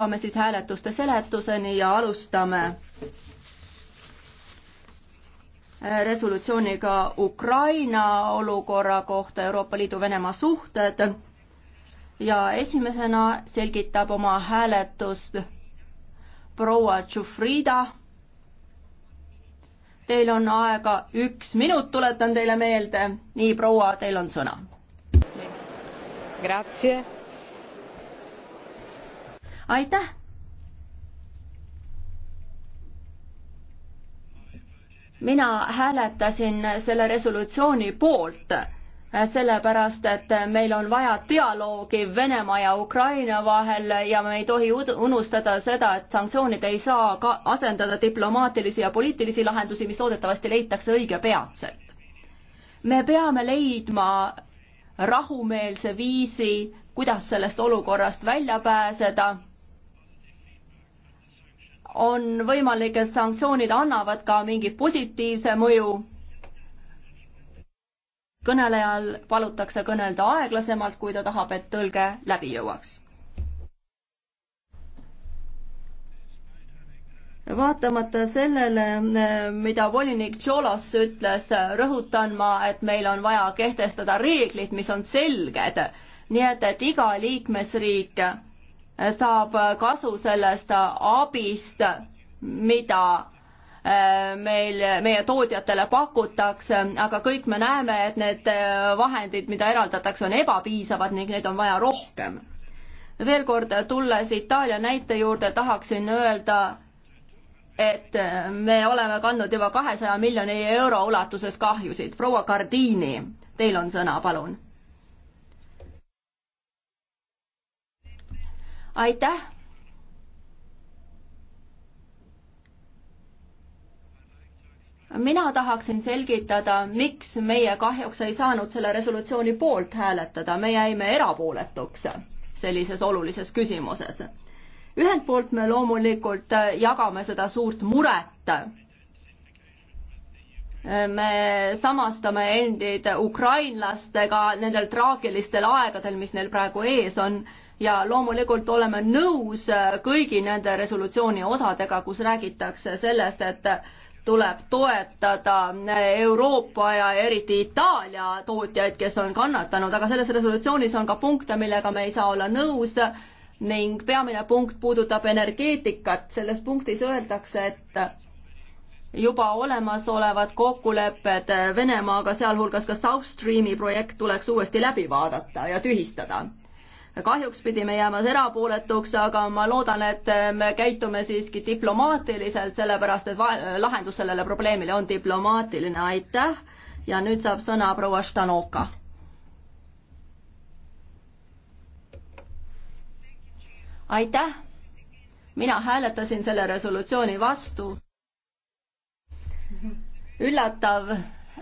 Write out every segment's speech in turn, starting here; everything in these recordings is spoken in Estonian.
jõuame siis hääletuste seletuseni ja alustame resolutsiooniga Ukraina olukorra kohta Euroopa Liidu Venemaa suhted ja esimesena selgitab oma hääletust proua Tšufrida. Teil on aega üks minut, tuletan teile meelde. nii, proua, teil on sõna. Grazie aitäh! mina hääletasin selle resolutsiooni poolt, sellepärast et meil on vaja dialoogi Venemaa ja Ukraina vahel ja me ei tohi unustada seda, et sanktsioonid ei saa ka asendada diplomaatilisi ja poliitilisi lahendusi, mis loodetavasti leitakse õigepeatselt. me peame leidma rahumeelse viisi, kuidas sellest olukorrast välja pääseda on võimalik, et sanktsioonid annavad ka mingi positiivse mõju. kõnelejal palutakse kõnelda aeglasemalt, kui ta tahab, et tõlge läbi jõuaks vaatamata sellele, mida volinik Tšolos ütles, rõhutan ma, et meil on vaja kehtestada reeglid, mis on selged. nii et, et iga liikmesriik saab kasu sellest abist, mida äh, meil, meie tootjatele pakutakse, aga kõik me näeme, et need äh, vahendid, mida eraldatakse, on ebapiisavad ning neid on vaja rohkem. veel kord, tulles Itaalia näite juurde, tahaksin öelda, et äh, me oleme kandnud juba kahesaja miljoni euro ulatuses kahjusid. proua Gardiini, teil on sõna, palun aitäh. mina tahaksin selgitada, miks meie kahjuks ei saanud selle resolutsiooni poolt hääletada, me jäime erapooletuks sellises olulises küsimuses. ühelt poolt me loomulikult jagame seda suurt muret, me samastame endid ukrainlastega nendel traagilistel aegadel, mis neil praegu ees on ja loomulikult oleme nõus äh, kõigi nende resolutsiooni osadega, kus räägitakse sellest, et tuleb toetada äh, Euroopa ja eriti Itaalia tootjaid, kes on kannatanud, aga selles resolutsioonis on ka punkte, millega me ei saa olla nõus ning peamine punkt puudutab energeetikat, selles punktis öeldakse, et juba olemasolevad kokkulepped Venemaaga, sealhulgas ka South Streami projekt tuleks uuesti läbi vaadata ja tühistada kahjuks pidime jääma erapooletuks, aga ma loodan, et äh, me käitume siiski diplomaatiliselt, sellepärast et äh, lahendus sellele probleemile on diplomaatiline, aitäh. ja nüüd saab sõna proua Štanoka. aitäh. mina hääletasin selle resolutsiooni vastu. üllatav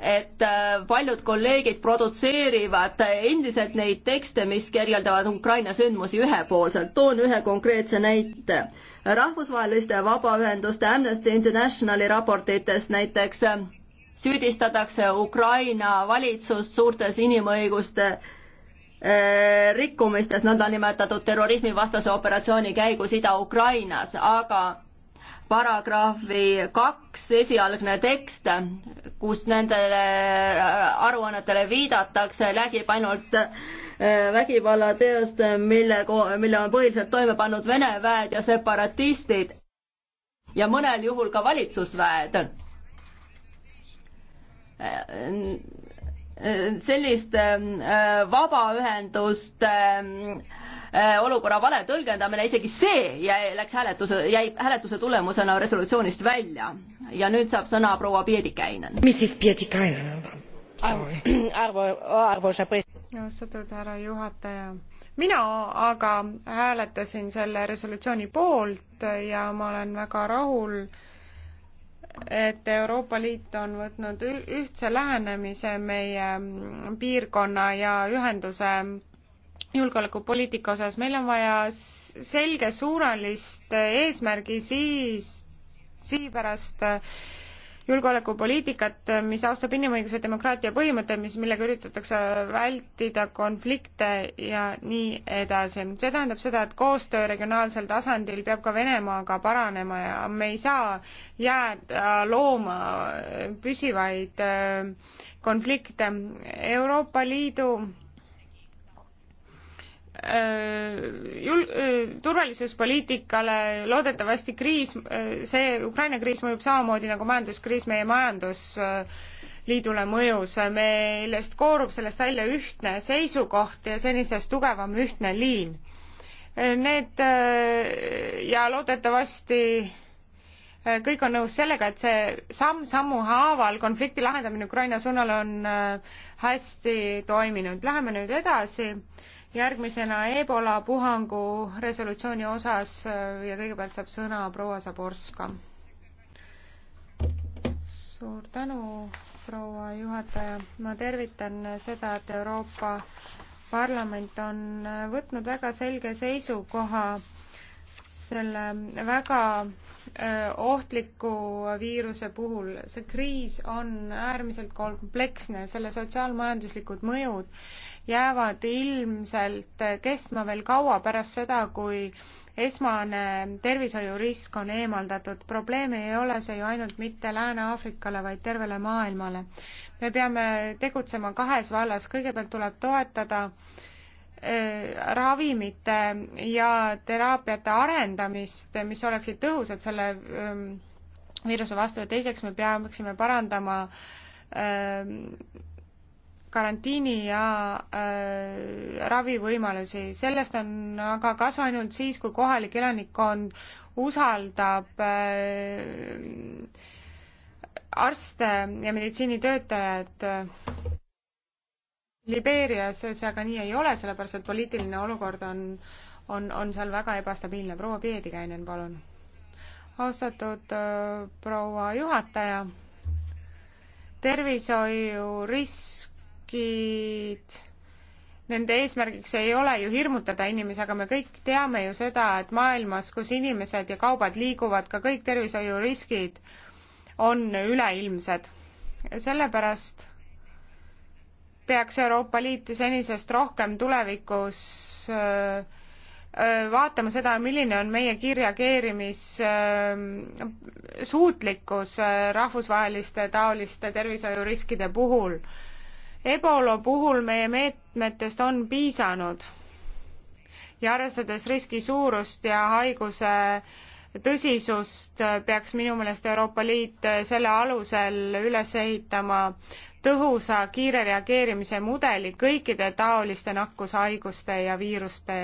et äh, paljud kolleegid produtseerivad endiselt neid tekste, mis kirjeldavad Ukraina sündmusi ühepoolselt. toon ühe konkreetse näite. rahvusvaheliste vabaühenduste Amnesty Internationali raportites näiteks äh, süüdistatakse Ukraina valitsust suurtes inimõiguste äh, rikkumistes nõndanimetatud terrorismivastase operatsiooni käigus Ida-Ukrainas, aga paragrahvi kaks esialgne tekst, kus nendele äh, aruannetele viidatakse, räägib ainult äh, vägivallateost, mille, mille on põhiliselt toime pannud Vene väed ja separatistid ja mõnel juhul ka valitsusväed äh, selliste vabaühenduste Äh, olukorra vale tõlgendamine, isegi see jäi, läks hääletuse, jäi hääletuse tulemusena resolutsioonist välja. ja nüüd saab sõna proua Pietikäinen. mis siis Pietikäinen on? austatud härra juhataja, mina aga hääletasin selle resolutsiooni poolt ja ma olen väga rahul, et Euroopa Liit on võtnud ühtse lähenemise meie piirkonna ja ühenduse julgeolekupoliitika osas, meil on vaja selgesuunalist eesmärgi siis, sihipärast julgeolekupoliitikat, mis austab inimõiguse demokraatia põhimõtteid, mis, millega üritatakse vältida konflikte ja nii edasi. see tähendab seda, et koostöö regionaalsel tasandil peab ka Venemaaga paranema ja me ei saa jääda looma püsivaid äh, konflikte. Euroopa Liidu Äh, jul-, äh, turvalisuspoliitikale loodetavasti kriis, äh, see Ukraina kriis mõjub samamoodi nagu majanduskriis meie majandusliidule mõjus. meilest koorub sellest välja ühtne seisukoht ja senisest tugevam ühtne liin. Need ja loodetavasti kõik on nõus sellega, et see samm sammu haaval konflikti lahendamine Ukraina suunal on hästi toiminud. Läheme nüüd edasi järgmisena Ebola puhangu resolutsiooni osas äh, ja kõigepealt saab sõna proua Zaborska. suur tänu, proua juhataja. ma tervitan seda, et Euroopa Parlament on võtnud väga selge seisukoha selle väga äh, ohtliku viiruse puhul. see kriis on äärmiselt kompleksne, selle sotsiaalmajanduslikud mõjud jäävad ilmselt kestma veel kaua pärast seda, kui esmane tervishoiurisk on eemaldatud. probleem ei ole see ju ainult mitte Lääne-Aafrikale, vaid tervele maailmale. me peame tegutsema kahes vallas, kõigepealt tuleb toetada äh, ravimite ja teraapiate arendamist, mis oleksid tõhusad selle ähm, viiruse vastu ja teiseks me peaksime parandama ähm, karantiini ja äh, ravivõimalusi. sellest on aga kasu ainult siis, kui kohalik elanikkond usaldab äh, arste ja meditsiinitöötajad. Libeerias see aga nii ei ole, sellepärast et poliitiline olukord on, on, on seal väga ebastabiilne. proua Peedikäinen, palun. austatud äh, proua juhataja tervishoiu risk riigid nende eesmärgiks ei ole ju hirmutada inimesi, aga me kõik teame ju seda, et maailmas, kus inimesed ja kaubad liiguvad, ka kõik tervishoiuriskid on üleilmsed. sellepärast peaks Euroopa Liit senisest rohkem tulevikus vaatama seda, milline on meie kiirreageerimissuutlikkus rahvusvaheliste taoliste tervishoiuriskide puhul Ebolo puhul meie meetmetest on piisanud ja arvestades riski suurust ja haiguse tõsisust, peaks minu meelest Euroopa Liit selle alusel üles ehitama tõhusa kiire reageerimise mudeli kõikide taoliste nakkushaiguste ja viiruste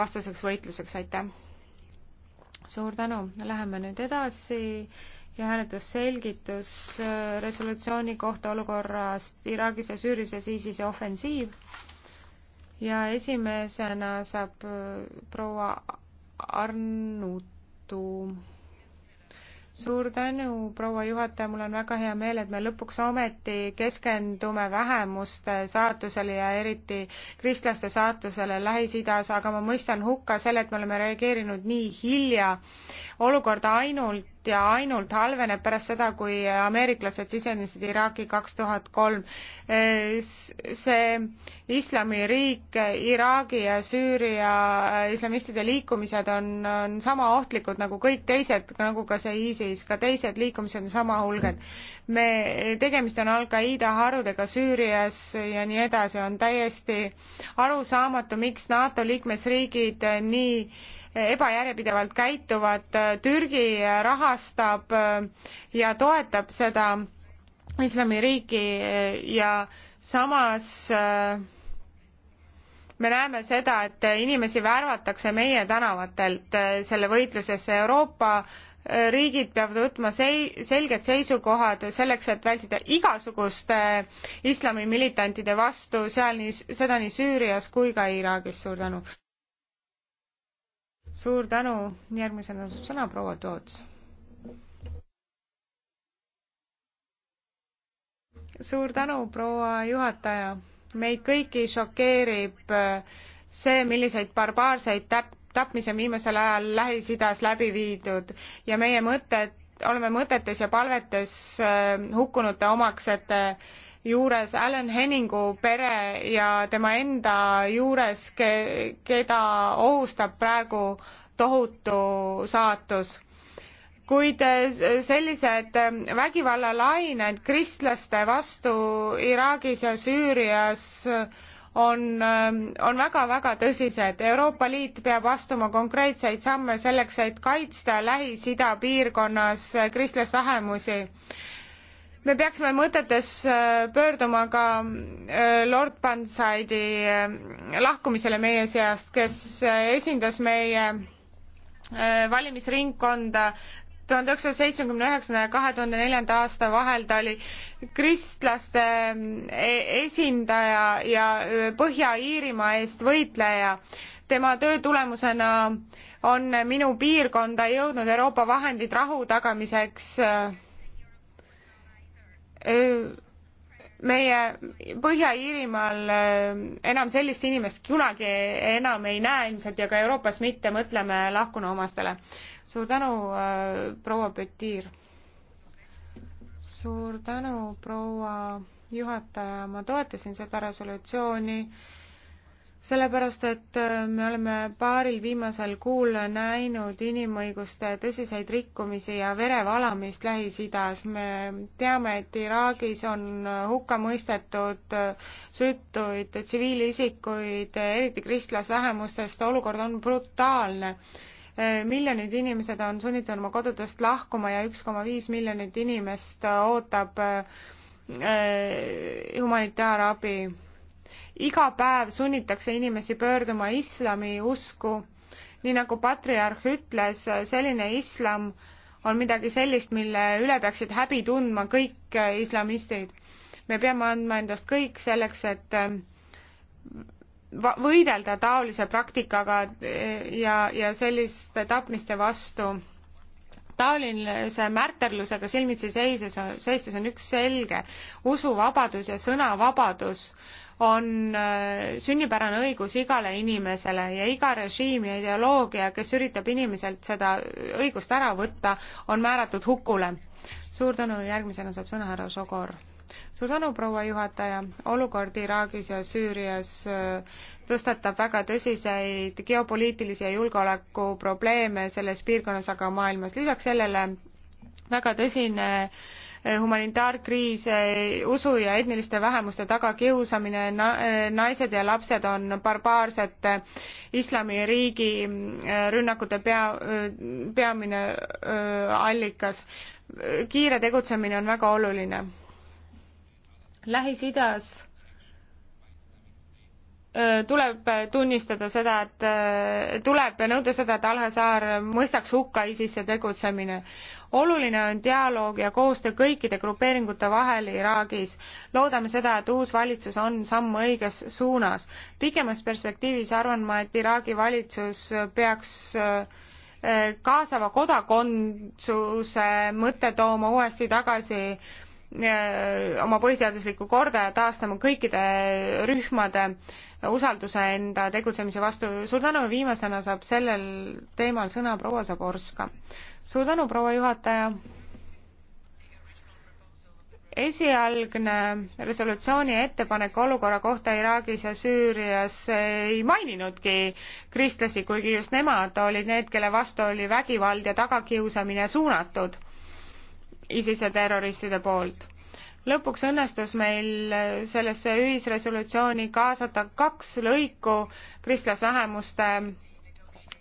vastaseks võitluseks, aitäh! suur tänu, läheme nüüd edasi ja hääletusselgitus äh, resolutsiooni kohta olukorrast Iraagis ja Süürias ja siis ise ofensiiv. ja esimesena saab äh, proua Arnutu. suur tänu, proua juhataja, mul on väga hea meel, et me lõpuks ometi keskendume vähemuste saatusele ja eriti kristlaste saatusele Lähis-Idas, aga ma mõistan hukka selle, et me oleme reageerinud nii hilja. olukord ainult ja ainult halveneb pärast seda, kui ameeriklased sisenesid Iraaki kaks tuhat kolm. see islamiriik, Iraagi ja Süüria islamistide liikumised on, on sama ohtlikud nagu kõik teised, nagu ka see ISIS, ka teised liikumised on sama hulged. me, tegemist on Al-Qaeda harudega Süürias ja nii edasi, on täiesti arusaamatu, miks NATO liikmesriigid nii ebajärjepidevalt käituvad, äh, Türgi rahastab äh, ja toetab seda islamiriiki äh, ja samas me näeme seda, et inimesi värvatakse meie tänavatelt selle võitlusesse, Euroopa riigid peavad võtma sei-, selged seisukohad selleks, et vältida igasuguste islamimilitantide vastu seal nii, seda nii Süürias kui ka Iraagis, suur tänu! suur tänu, järgmisena sõna proua Toots. suur tänu, proua juhataja. meid kõiki šokeerib äh, see, milliseid barbaarseid täp-, tapmisi on viimasel ajal Lähis-Idas läbi viidud ja meie mõtted, oleme mõtetes ja palvetes äh, hukkunute omaksete et juures, Alan Henningu pere ja tema enda juures, ke-, keda ohustab praegu tohutu saatus. kuid eh, sellised eh, vägivallalained kristlaste vastu Iraagis ja Süürias on, eh, on väga-väga tõsised. Euroopa Liit peab astuma konkreetseid samme selleks, et kaitsta Lähis-Ida piirkonnas kristlastvähemusi me peaksime mõtetes äh, pöörduma ka äh, Lord Banside'i äh, lahkumisele meie seast, kes esindas meie valimisringkonda tuhande üheksasaja seitsmekümne üheksanda ja kahe tuhande neljanda aasta vahel ta oli kristlaste esindaja ja Põhja-Iirimaa eest võitleja. tema töö tulemusena on minu piirkonda jõudnud Euroopa vahendid rahu tagamiseks meie Põhja-Iirimaal eh, enam sellist inimest kunagi enam ei näe ilmselt ja ka Euroopas mitte, mõtleme lahkunu omastele. suur tänu, eh, proua Petir. suur tänu, proua juhataja, ma toetasin seda resolutsiooni sellepärast, et äh, me oleme paaril viimasel kuul näinud inimõiguste tõsiseid rikkumisi ja verevalamist Lähis-Idas. me teame, et Iraagis on hukka mõistetud äh, süütuid tsiviilisikuid, eriti kristlasvähemustest, olukord on brutaalne äh, miljonid inimesed on sunnitud oma kodudest lahkuma ja üks koma viis miljonit inimest ootab humanitaarabi iga päev sunnitakse inimesi pöörduma islami usku. nii nagu patriarh ütles, selline islam on midagi sellist, mille üle peaksid häbi tundma kõik islamistid. me peame andma endast kõik selleks, et äh, võidelda taolise praktikaga äh, ja, ja selliste tapmiste vastu taolise märterlusega silmitsi seises, seistes on üks selge, usuvabadus ja sõnavabadus on äh, sünnipärane õigus igale inimesele ja iga režiim ja ideoloogia, kes üritab inimeselt seda õigust ära võtta, on määratud hukule. suur tänu, järgmisena saab sõna härra Sogor. suur tänu, proua juhataja, olukord Iraagis ja Süürias äh, tõstatab väga tõsiseid geopoliitilisi ja julgeolekuprobleeme selles piirkonnas, aga maailmas. lisaks sellele väga tõsine äh, humanitaarkriis, usu ja etniliste vähemuste tagakiusamine, naised ja lapsed on barbaarsete islamiriigi äh, rünnakute pea, äh, peamine äh, allikas. kiire tegutsemine on väga oluline. Lähis-Idas tuleb tunnistada seda, et tuleb nõuda seda, et Al-Hazar mõistaks hukka ISISe tegutsemine oluline on dialoog ja koostöö kõikide grupeeringute vahel Iraagis. loodame seda, et uus valitsus on samm õiges suunas. pikemas perspektiivis arvan ma, et Iraagi valitsus peaks eh, kaasava kodakondsuse mõtte tooma uuesti tagasi Äh, oma põhiseaduslikku korda ja taastama kõikide rühmade usalduse enda tegutsemise vastu. suur tänu ja viimasena saab sellel teemal sõna proua Zaborska. suur tänu, proua juhataja. esialgne resolutsiooni ettepanek olukorra kohta Iraagis ja Süürias ei maininudki kristlasi, kuigi just nemad olid need, kelle vastu oli vägivald ja tagakiusamine suunatud ISISe terroristide poolt. lõpuks õnnestus meil sellesse ühisresolutsiooni kaasata kaks lõiku kristlasvähemuste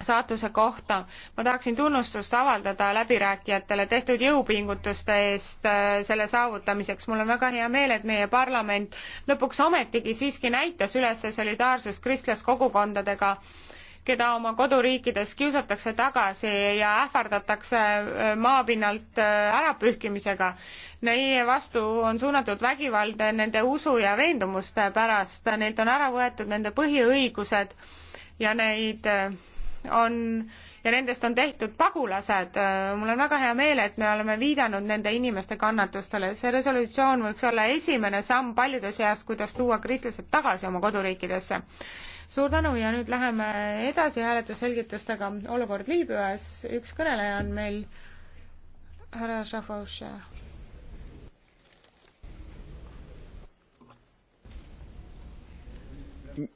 saatuse kohta. ma tahaksin tunnustust avaldada läbirääkijatele tehtud jõupingutuste eest äh, selle saavutamiseks. mul on väga hea meel, et meie parlament lõpuks ometigi siiski näitas üles solidaarsust kristlaskogukondadega äh, keda oma koduriikides kiusatakse tagasi ja ähvardatakse äh, maapinnalt äh, ärapühkimisega. Neie vastu on suunatud vägivald nende usu ja veendumuste pärast, neilt on ära võetud nende põhiõigused ja neid äh, on ja nendest on tehtud pagulased. mul on väga hea meel, et me oleme viidanud nende inimeste kannatustele. see resolutsioon võiks olla esimene samm paljude seas, kuidas tuua kristlased tagasi oma koduriikidesse. suur tänu ja nüüd läheme edasi hääletusselgitustega. olukord Liibüas, üks kõneleja on meil, härra Šafausha.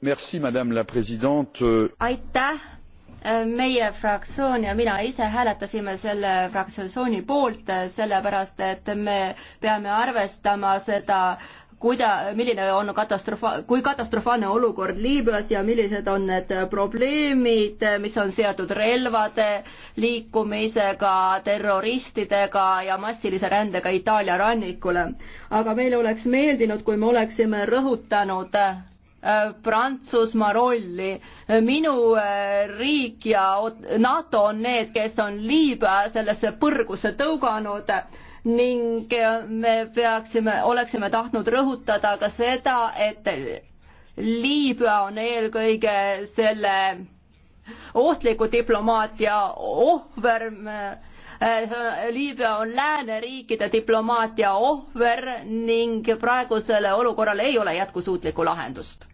Merci, madame la présidente. aitäh, meie fraktsioon ja mina ise hääletasime selle fraktsiooni poolt, sellepärast et me peame arvestama seda, kuida-, milline on katastroofa-, kui katastrofaalne olukord Liibüas ja millised on need probleemid, mis on seotud relvade liikumisega, terroristidega ja massilise rändega Itaalia rannikule. aga meile oleks meeldinud, kui me oleksime rõhutanud Äh, Prantsusmaa rolli. minu äh, riik ja NATO on need, kes on Liibüa sellesse põrgusse tõuganud ning äh, me peaksime, oleksime tahtnud rõhutada ka seda, et Liibüa on eelkõige selle ohtliku diplomaatia ohver. Liibüa on lääneriikide diplomaatia ohver ning praegusele olukorrale ei ole jätkusuutlikku lahendust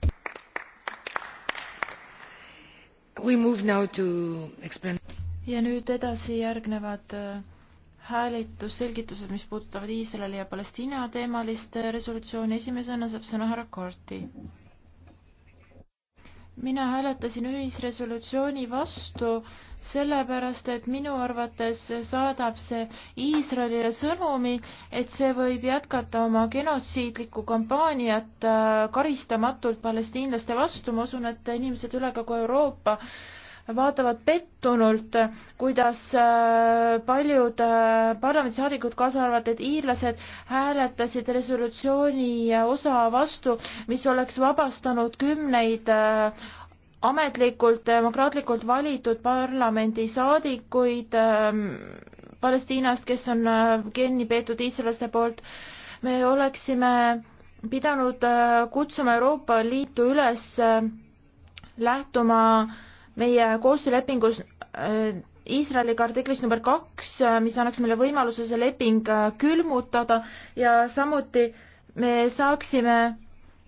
ja nüüd edasi järgnevad äh, hääletusselgitused, mis puudutavad Iisraeli ja Palestiina teemalist äh, resolutsiooni. esimesena saab sõna härra Korti mina hääletasin ühisresolutsiooni vastu, sellepärast et minu arvates saadab see Iisraelile sõnumi, et see võib jätkata oma genotsiidlikku kampaaniat äh, karistamatult palestiinlaste vastu, ma usun, et inimesed üle kogu Euroopa äh, vaatavad pettunult, kuidas äh, paljud äh, parlamendisaadikud, kaasa arvatud iirlased, hääletasid resolutsiooni äh, osa vastu, mis oleks vabastanud kümneid ametlikult demokraatlikult valitud parlamendisaadikuid ähm, Palestiinast, kes on kinni peetud iisraelaste poolt. me oleksime pidanud kutsuma Euroopa Liitu üles lähtuma äh, meie koostöölepingus äh, Iisraeliga artiklis number kaks, äh, mis annaks meile võimaluse see leping äh, külmutada ja samuti me saaksime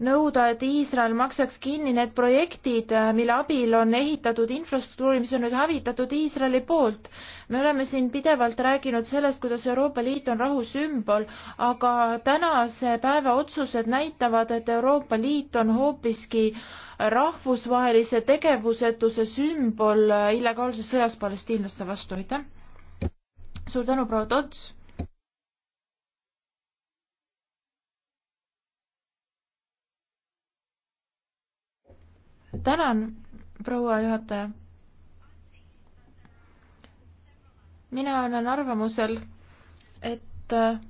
nõuda, et Iisrael maksaks kinni need projektid, äh, mille abil on ehitatud infrastruktuuri, mis on nüüd hävitatud Iisraeli poolt. me oleme siin pidevalt rääkinud sellest, kuidas Euroopa Liit on rahu sümbol, aga tänase päeva otsused näitavad, et Euroopa Liit on hoopiski rahvusvahelise tegevusetuse sümbol äh, illegaalses sõjas palestiinlaste vastu, aitäh! suur tänu, proua Tots! tänan, proua juhataja. mina olen arvamusel, et äh,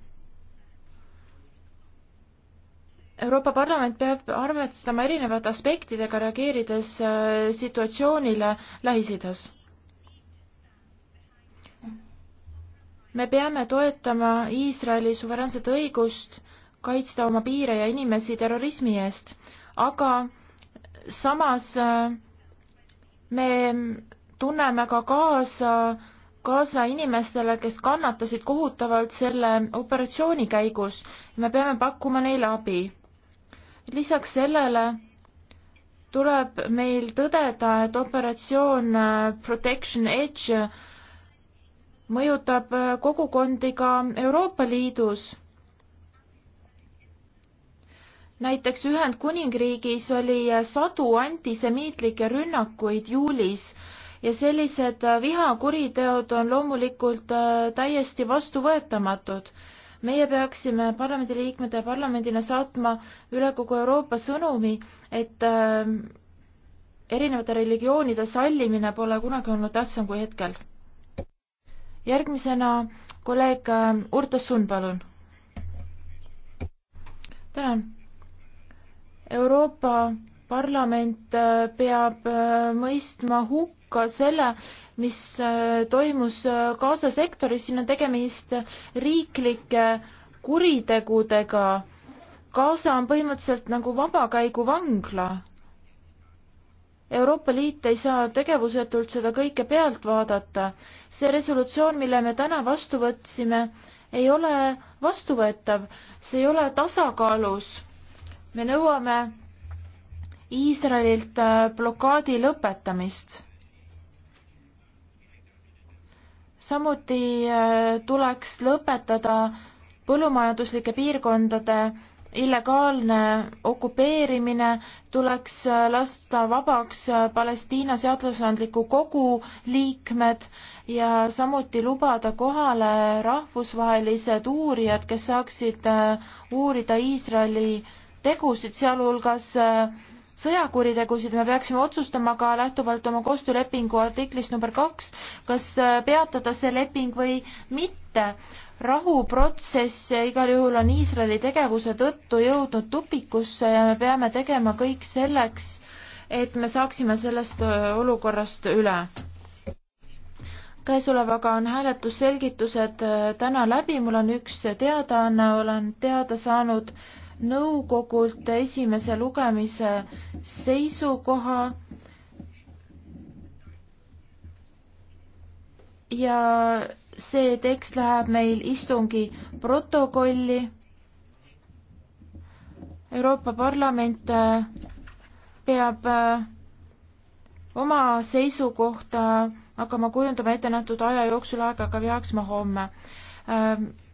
Euroopa Parlament peab arvestama erinevate aspektidega, reageerides äh, situatsioonile Lähis-Idas. me peame toetama Iisraeli suveräänset õigust kaitsta oma piire ja inimesi terrorismi eest, aga samas äh, me tunneme ka kaasa, kaasa inimestele, kes kannatasid kohutavalt selle operatsiooni käigus ja me peame pakkuma neile abi. lisaks sellele tuleb meil tõdeda, et operatsioon äh, Protection Edge mõjutab äh, kogukondi ka Euroopa Liidus näiteks Ühendkuningriigis oli äh, sadu antisemiitlikke rünnakuid juulis ja sellised äh, vihakuriteod on loomulikult äh, täiesti vastuvõetamatud. meie peaksime parlamendiliikmete ja parlamendina saatma üle kogu Euroopa sõnumi, et erinevate religioonide sallimine pole kunagi olnud tähtsam kui hetkel. järgmisena kolleeg Urtas Sund, palun. tänan Euroopa Parlament äh, peab äh, mõistma hukka selle, mis äh, toimus Gaza sektoris, siin on tegemist riiklike kuritegudega. Gaza on põhimõtteliselt nagu vabakäiguvangla. Euroopa Liit ei saa tegevusetult seda kõike pealt vaadata. see resolutsioon, mille me täna vastu võtsime, ei ole vastuvõetav, see ei ole tasakaalus me nõuame Iisraelilt äh, blokaadi lõpetamist. samuti äh, tuleks lõpetada põllumajanduslike piirkondade illegaalne okupeerimine, tuleks äh, lasta vabaks Palestiina seadusandliku kogu liikmed ja samuti lubada kohale rahvusvahelised uurijad, kes saaksid uurida Iisraeli äh, tegusid, sealhulgas äh, sõjakuritegusid, me peaksime otsustama ka lähtuvalt oma koostöölepingu artiklist number kaks, kas äh, peatada see leping või mitte. rahuprotsess igal juhul on Iisraeli tegevuse tõttu jõudnud tupikusse ja me peame tegema kõik selleks, et me saaksime sellest äh, olukorrast üle käesolevaga on hääletusselgitused täna läbi, mul on üks teadaanne, olen teada saanud nõukogult esimese lugemise seisukoha ja see tekst läheb meil istungi protokolli. Euroopa Parlament äh, peab äh, oma seisukohta hakkama kujundama ettenähtud aja jooksul, aga ka peaksime homme äh,